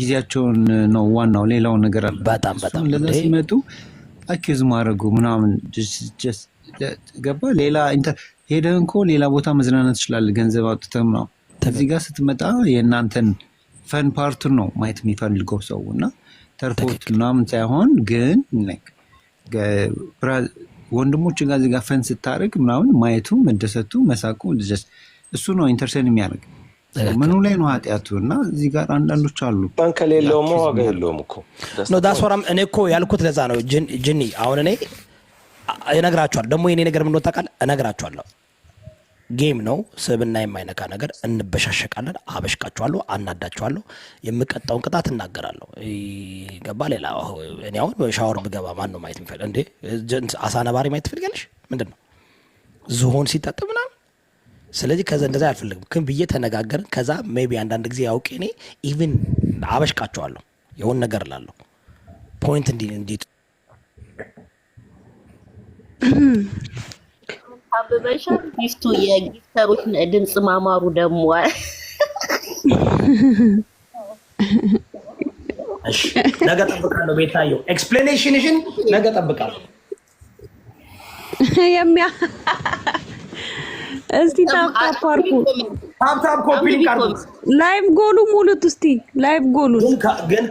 ጊዜያቸውን ነው ዋናው። ሌላውን ነገር አለ በጣም በጣም ለዛ ሲመጡ አኪዝ ማድረጉ ምናምን ገባ። ሌላ ሄደህ እንኮ ሌላ ቦታ መዝናናት ትችላለህ፣ ገንዘብ አውጥተህም ነው። እዚህ ጋር ስትመጣ የእናንተን ፈን ፓርቱን ነው ማየት የሚፈልገው ሰው እና ተርፎት ምናምን ሳይሆን ግን ወንድሞች ጋር እዚህ ጋር ፈን ስታደርግ ምናምን ማየቱ መደሰቱ መሳቁ እሱ ነው ኢንተርሴን የሚያደርግ ምኑ ላይ ነው ኃጢአቱ? እና እዚህ ጋር አንዳንዶች አሉ ን ከሌለውም ዋጋ የለውም እኮ ነው ዳስወራም እኔ እኮ ያልኩት ለዛ ነው ጅኒ። አሁን እኔ እነግራችኋለሁ፣ ደግሞ የኔ ነገር ምን ወጣቃል እነግራችኋለሁ። ጌም ነው ስብና የማይነካ ነገር እንበሻሸቃለን። አበሽቃችኋለሁ፣ አናዳችኋለሁ። የምቀጣውን ቅጣት እናገራለሁ። ገባ ሌላ እኔ አሁን ሻወር ብገባ ማን ነው ማየት የሚፈልግ? እንዴ አሳ ነባሪ ማየት ትፈልጋለሽ? ምንድን ነው ዝሆን ሲጠጥ ምናምን ስለዚህ ከዛ እንደዛ አልፈልግም ግን ብዬ ተነጋገርን። ከዛ ሜይ ቢ አንዳንድ ጊዜ ያውቅ እኔ ኢቭን አበሽቃቸዋለሁ የሆን ነገር ላለሁ ፖይንት እንዲ እንዴት አበበሻ ጊፍቱ የጊፍተሮች ድምፅ ማማሩ ደግሞ ነገ ጠብቃለሁ። ቤታየው ኤክስፕሌኔሽንሽን ነገ ጠብቃለሁ። እስቲ ታፕታፕ አርጉ። ታፕታፕ ኮፒ አርጉ። ላይቭ ጎሉ ሙሉት። እስቲ ላይቭ ጎሉ ግን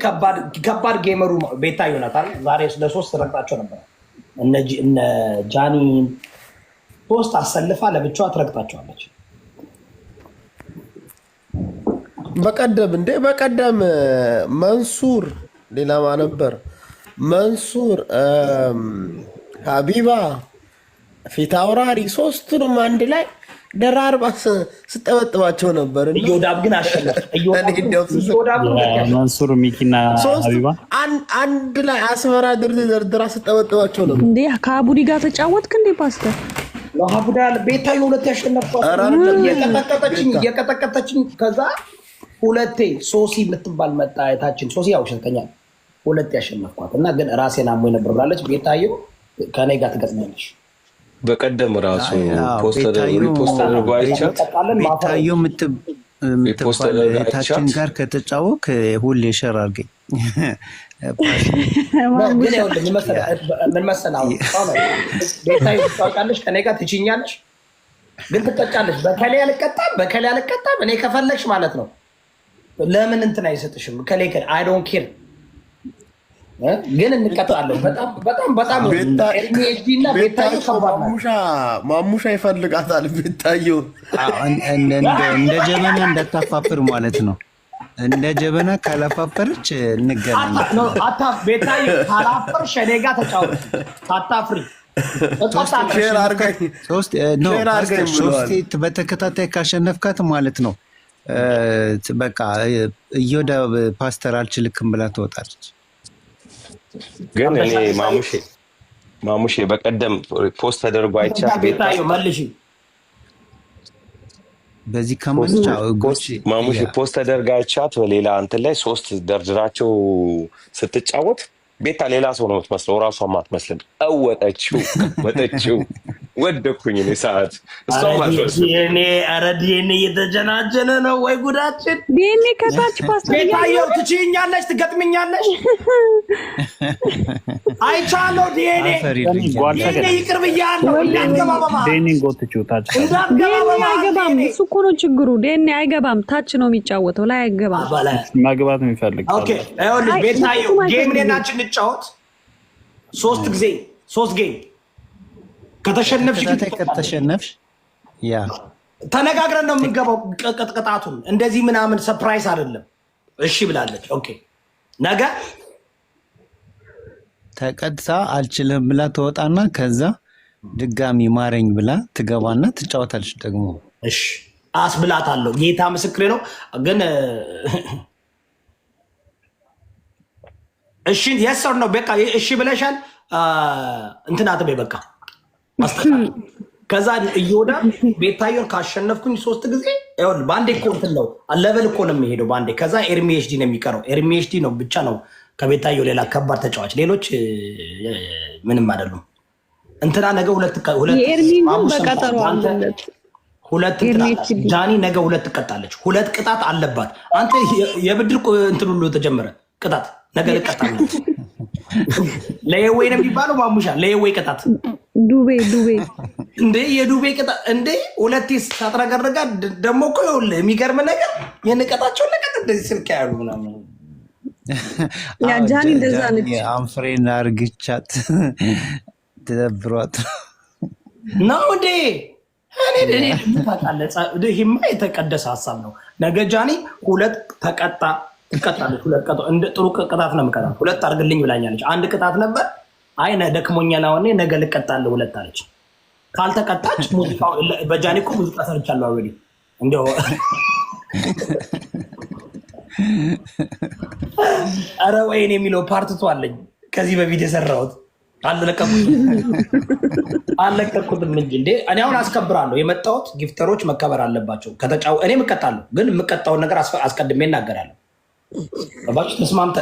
ከባድ ጌመሩ ቤታ ይሆናታል። ዛሬ ለሶስት ረግጣቸው ነበር። እነ ጃኒ ሶስት አሰልፋ ለብቻዋ ትረግጣቸዋለች። በቀደም እንዴ በቀደም መንሱር ሌላማ ነበር? መንሱር ሀቢባ ፊት አውራሪ ሶስቱንም አንድ ላይ ደራርባ ስጠበጥባቸው ነበር። እዮዳብ ግን አሸነፈ። ሚኪና አንድ ላይ አስመራ ድር ደርድራ ስጠበጥባቸው ነበር። እንዴ ከአቡዲ ጋር ተጫወትክ እንዴ ፓስተር? ለሀቡዳ ቤታዬ ሁለት ያሸነፍኳት እየቀጠቀጠችኝ። ከዛ ሁለቴ ሶሲ የምትባል መጣ የታችን ሶሲ ያው ሸተኛ ሁለት ያሸነፍኳት እና ግን ራሴን አሞኝ ነበር ብላለች። ቤታዬ ከኔ ጋር ትገጥማለች በቀደም ራሱ ፖስት አድርጎ አይቻት የምትባል እህታችን ጋር ከተጫወክ ሁሌ ሸር አድርገኝ። ምን መሰለህ ቤታዮ ትጫወቃለች፣ ከኔ ጋር ትችኛለች፣ ግን ትጠቃለች። በከላይ አልቀጣም፣ በከላይ አልቀጣም። እኔ ከፈለግሽ ማለት ነው ለምን እንትን አይሰጥሽም? ከላይ አይ ዶንት ኬር ግን እንቀጥላለን። በጣም በጣም ማሙሻ ይፈልጋታል። ቤታዩ እንደ ጀበና እንዳታፋፍር ማለት ነው። እንደ ጀበና ካላፋፈርች እንገናኝ። ቤታዮ ካላፈርሽ እኔ ጋ ተጫወት፣ አታፍሪ። ሶስቴ በተከታታይ ካሸነፍካት ማለት ነው በቃ እየወደ ፓስተር አልችልክም ብላ ትወጣለች። ግን እኔ ማሙሼ ማሙሼ በቀደም ፖስት ተደርጎ አይቻል በዚህ ማሙሼ ፖስት ተደርጋ አይቻት በሌላ እንትን ላይ ሶስት ደርድራቸው ስትጫወት ቤታ ሌላ ሰው ነው የምትመስለው፣ እራሷም አትመስልም። እወጠችው ወጠችው ወደኩኝ እኔ ሰዓት እሷእኔ ኧረ ዲኤንኤ እየተጀናጀነ ነው ወይ ጉዳችን! ዲኤንኤ ከታች ቤታየው ትችኛለች፣ ትገጥምኛለች። አይቻለሁ። ዲኤንኤ ዲኤንኤ ይቅር ብያለሁ። እንዳትገባበማ እሱ እኮ ነው ችግሩ። ዲኤንኤ አይገባም። ታች ነው የሚጫወተው፣ ላይ አይገባም። መግባት የሚፈልግ ቤታየው ጌም ሌናችን ስትጫወት ሶስት ጊዜ ሶስት ጌም ከተሸነፍሽ ከተሸነፍሽ ያ ተነጋግረን ነው የምንገባው። ቅጥቅጣቱን እንደዚህ ምናምን ሰፕራይዝ አይደለም። እሺ ብላለች። ኦኬ ነገ ተቀጥታ አልችልም ብላ ትወጣና ከዛ ድጋሚ ማረኝ ብላ ትገባና ትጫወታለች ደግሞ። እሺ አስብላታለሁ። ጌታ ምስክሬ ነው ግን እሺ የሰር ነው በቃ እሺ ብለሻል። እንትን አትበይ በቃ ከዛ እየወዳ ቤታየን ካሸነፍኩኝ ሶስት ጊዜ በአንዴ እኮ እንትን ነው ለቨል እኮ ነው የሚሄደው በአንዴ። ከዛ ኤርሚ ኤችዲ ነው የሚቀረው። ኤርሚ ኤችዲ ነው ብቻ ነው ከቤታየ ሌላ ከባድ ተጫዋች፣ ሌሎች ምንም አይደሉም። እንትና ነገ ሁለት ሁለት ዳኒ ነገ ሁለት ትቀጣለች። ሁለት ቅጣት አለባት። አንተ የብድር እንትን ሁሉ ተጀመረ ቅጣት ነገ ልቀጣለሁ። ነው የሚባለው። ማሙሻ ለየወይ ቅጣት ዱቤ ዱቤ እንዴ የዱቤ እንዴ ሁለቴ ሳጥረገርጋ ደግሞ እኮ ይኸውልህ የሚገርም ነገር የንቀጣቸውን ነገር እንደዚህ ስልክ ያሉ ምናምን ጃኒ እንደዛ ነች። አንፍሬን አርግቻት ነው እንዴ ታውቃለህ። የተቀደሰ ሀሳብ ነው። ነገ ጃኒ ሁለት ተቀጣ ትቀጣለች። ሁለት ቀጣ እንደ ጥሩ ቅጣት ነው የምቀጣት። ሁለት አድርግልኝ ብላኛለች። አንድ ቅጣት ነበር። አይ ደክሞኛል፣ አሁን ነገ ልቀጣለሁ ሁለት አለች። ካልተቀጣች ሙዚቃው በጃኒ እኮ ሙዚቃ ሰርቻለሁ። አልሬዲ እንደው ኧረ ወይኔ የሚለው ፓርትቱ አለኝ ከዚህ በፊት የሰራሁት አልለቀኩትም እንጂ እንዴ እኔ አሁን አስከብራለሁ። የመጣሁት ጊፍተሮች መከበር አለባቸው። ከተጫው እኔ እቀጣለሁ፣ ግን የምቀጣውን ነገር አስቀድሜ እናገራለሁ። ባችሁ ተስማምተ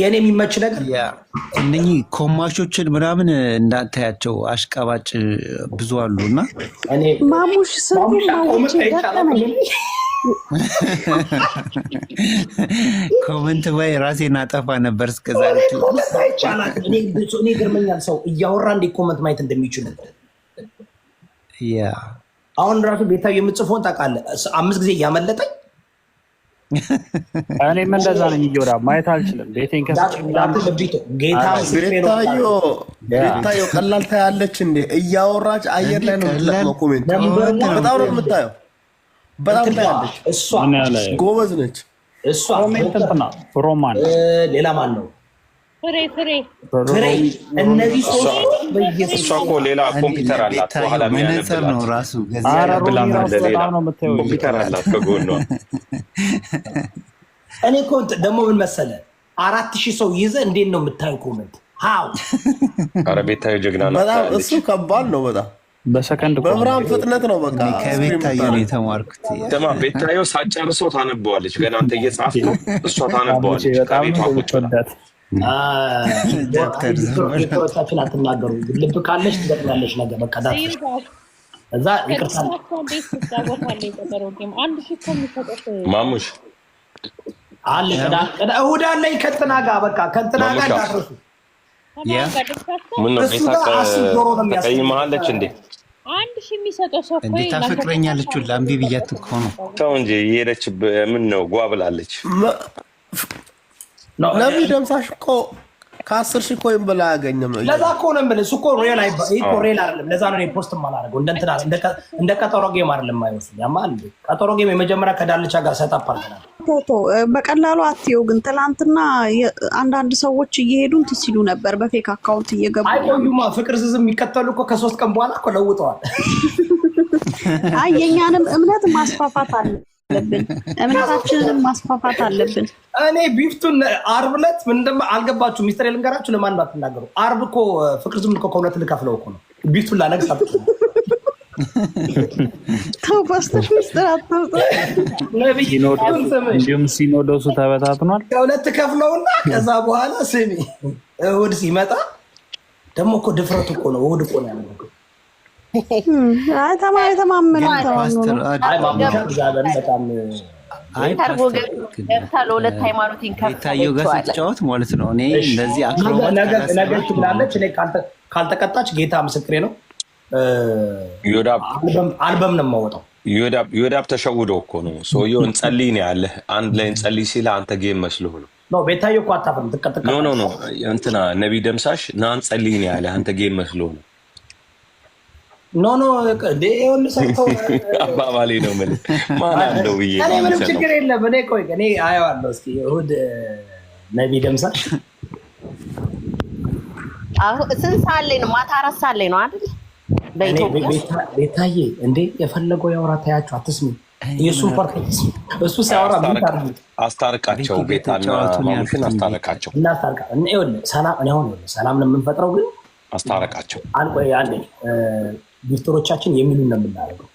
የእኔ የሚመች ነገር እነኚህ ኮማሾችን ምናምን እንዳታያቸው አሽቀባጭ ብዙ አሉ እና ማሙሽ ኮመንት ባይ ራሴን አጠፋ ነበር እስከዛ እኔ ገርመኛል ሰው እያወራ እንዴ ኮመንት ማየት እንደሚችል አሁን ራሱ ቤታዊ የምጽፎን ታውቃለህ። አምስት ጊዜ እያመለጠኝ እኔም እንደዛ ነኝ። እየወዳ ማየት አልችልም። ቤቴን ቤታዮ ቀላል ታያለች እንዴ? እያወራች አየር ላይ ነው የምትለቅመው። በጣም ነው የምታየው። በጣም ታያለች። ጎበዝ ነች። ሮማን ሌላ ማን ነው? ፍሬ ሌላ ደግሞ ምን አራት ሺህ ሰው ይዘ እንዴት ነው የምታየው ኮመንት? ሀው ጀግና ነው። እሱ ከባድ ነው በጣም በሰከንድ በብርሃን ፍጥነት ነው። በቃ ከቤታዬ ነው የተማርኩት። ሳጨርሰው ታነበዋለች። ገና አንተ እሷ ታነበዋለች። ቁጭ ዶክተሮቻችን አትናገሩ፣ ልብ ካለሽ ትገጥሚያለሽ። ነገ በቃ እዛ ይቅርታ ማሙሽ አለ እሑድ አለ ከእንትና ጋር በቃ ከእንትና ጋር እንዴ? አንድ የሚሰጠው ሰው እንዴ ታፈቅረኛለች ሁላ እምቢ ብያት እኮ ነው። ተው እንጂ የሄደች ምን ነው ጓ ብላለች ነብይ ደምሳሽ እኮ ከአስር ሺህ ኮይን ብላ አያገኝም። ለዛ እኮ ነው የምልህ። እሱ እኮ ሪል አይደለም። ለዛ ነው ፖስት ማላደርገው። እንደ ቀጠሮ ጌም አይደለም የማይወስድ ያማል። ቀጠሮ ጌም የመጀመሪያ ከዳልቻ ጋር ሰጥ አፓርተናል ቶቶ በቀላሉ አትየው። ግን ትላንትና አንዳንድ ሰዎች እየሄዱ እንትን ሲሉ ነበር፣ በፌክ አካውንት እየገቡ አይቆዩማ። ፍቅር ስዝ የሚከተሉ እኮ ከሶስት ቀን በኋላ እኮ ለውጠዋል። አይ የእኛንም እምነት ማስፋፋት አለ አለብን። እምነታችንንም ማስፋፋት አለብን። እኔ ቢፍቱን አርብ ዕለት አልገባችሁ ሚስተር ልንገራችሁ። ለማን እንዳትናገሩ። አርብ እኮ ፍቅር ዝም እኮ ከሁለት ልከፍለው እኮ ነው። ቢፍቱን ላነግስ ተው ፓስተር ሲኖዶሱ ተበታትኗል። ከሁለት ከፍለውና ከዛ በኋላ ስሚ እሑድ ሲመጣ ደግሞ እኮ ድፍረት እኮ ነው እሑድ እኮ ነው ያለው ተማሪ ተማምነ ታየው ጋር ስትጫወት ማለት ነው። እኔ እንደዚህ ካልተቀጣች ጌታ ምስክሬ ነው። አልበም ነው የማወጣው። ዮዳብ ተሸውዶ እኮ ነው ሰውየው። እንጸልይ ነው ያለ አንድ ላይ እንጸልይ ሲል አንተ ጌም መስሎህ ነው። ቤታዮ እኮ አታፍርም። ትቀጥቃ ኖ ኖ ኖ እንትና ነቢይ ደምሳሽ ና እንጸልይ ነው ያለ አንተ ጌም መስሎህ ነው ኖ ኖ አባባሌ ነው። ምን ማን አለው ብዬ ምንም ችግር የለም። እኔ ቆይ እኔ አየዋለሁ። እስኪ እሑድ ነቢ ደምሳ ስንት ሰዓት ላይ ነው? ማታ አራት ሰዓት ላይ ነው አይደል? ቤታዬ እንዴ የፈለገው ያውራ። ታያቸው አትስሚ። የእሱን ፐርፌክት እሱ ሲያወራ አስታርቃቸው፣ ቤታና ማሙሽን አስታርቃቸው። ሰላም ነው የምንፈጥረው ግን አስታረቃቸው። አንቆይ አንዴ ዶክተሮቻችን የሚሉ ነው የምናደርገው።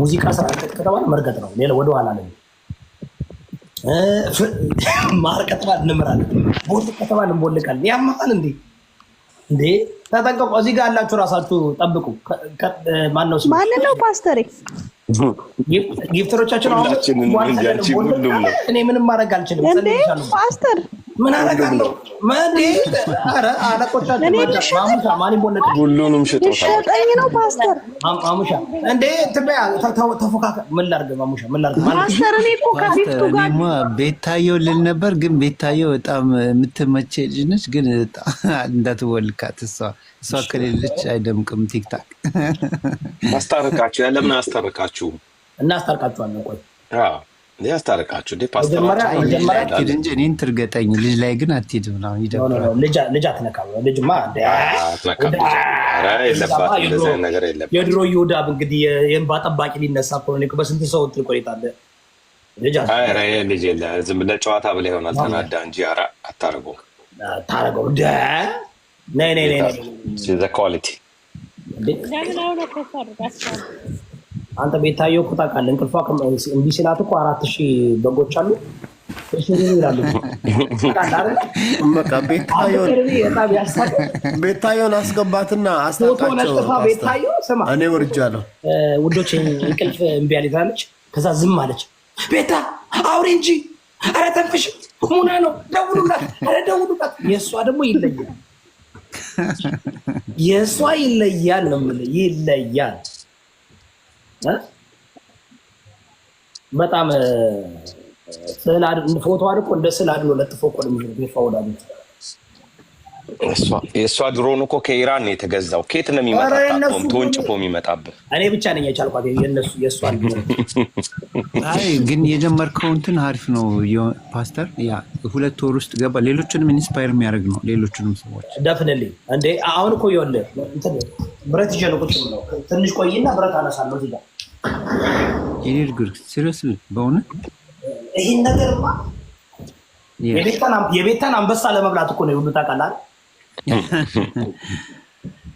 ሙዚቃ ስራ ከተባለ መርገጥ ነው፣ ሌላ ወደኋላ ነው። ማር ከተባለ እንምራለን፣ ቦል ከተባለ እንቦልቃለን። ያማል እንዴ እንዴ! ተጠንቀቁ። እዚህ ጋር ያላችሁ ራሳችሁ ጠብቁ። ማነው ማን ነው ፓስተሬ? ጊፍተሮቻችን አሁን እኔ ምንም ማድረግ አልችልም። ፓስተር ቤታየው ልል ነበር፣ ግን ቤታየው በጣም የምትመቼ ልጅ ነች። ግን እንዳትወልካት እሷ እሷ ከሌለች አይደምቅም ቲክታክ። አስታርቃችሁ ያለምን አስታርቃችሁ? እናስታርቃችኋለን ቆይ ያስታርቃችሁ እንዴ? ፓስተሮችሄድ እኔን ትርገጠኝ፣ ልጅ ላይ ግን አትሄድም ነው ልጅ አትነካም። ልጅማ የድሮ እንግዲህ የእንባ ጠባቂ ሊነሳ ከሆነ በስንት ሰው ትል ቆይታለ ልጅ ዝም ጨዋታ ይሆናል። ተናዳ እንጂ ኧረ አታርገውም። ታረገው እንደ ኳሊቲ አንተ ቤታየው እኮ ታውቃለህ፣ እንቅልፏ እንዲህ ሲላት እኮ አራት ሺህ በጎች አሉ ቤታየውን አስገባትና አስታውቃቸው። እኔ ወርጃለሁ። ውዶች እንቅልፍ እምቢ አለኝ አለች። ከዛ ዝም አለች። ቤታ አውሪ እንጂ ኧረ ተንፍሽ፣ ሙና ነው ደውሉላት፣ ኧረ ደውሉላት። የእሷ ደግሞ ይለያል፣ የእሷ ይለያል ነው የምልህ ይለያል በጣም ፎቶ አድቆ እንደ ስዕል አድኖ ለጥፎ እኮ ወዳሉት የእሷ ድሮን እኮ ከኢራን ነው የተገዛው። ኬት ነው የሚመጣጣም ተወንጭፎ የሚመጣብህ? እኔ ብቻ ነኝ የቻልኳት የነሱ የእሷ አይ ግን የጀመርከው እንትን አሪፍ ነው ፓስተር። ያ ሁለት ወር ውስጥ ገባ። ሌሎችንም ኢንስፓየር የሚያደርግ ነው። ሌሎችንም ሰዎች ደፍንል እንዴ። አሁን እኮ ይኸውልህ ብረት ይዤ ነው ቁጭ ብለው። ትንሽ ቆይና ብረት አነሳለሁ እዚህ ጋር የኔ ችግር በእውነት ይህን ነገርማ የቤተን አንበሳ ለመብላት እኮ ነው የሁሉ ታውቃለህ።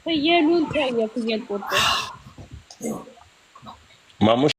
ፍየሉን ታየ ፍየል ቆርጦ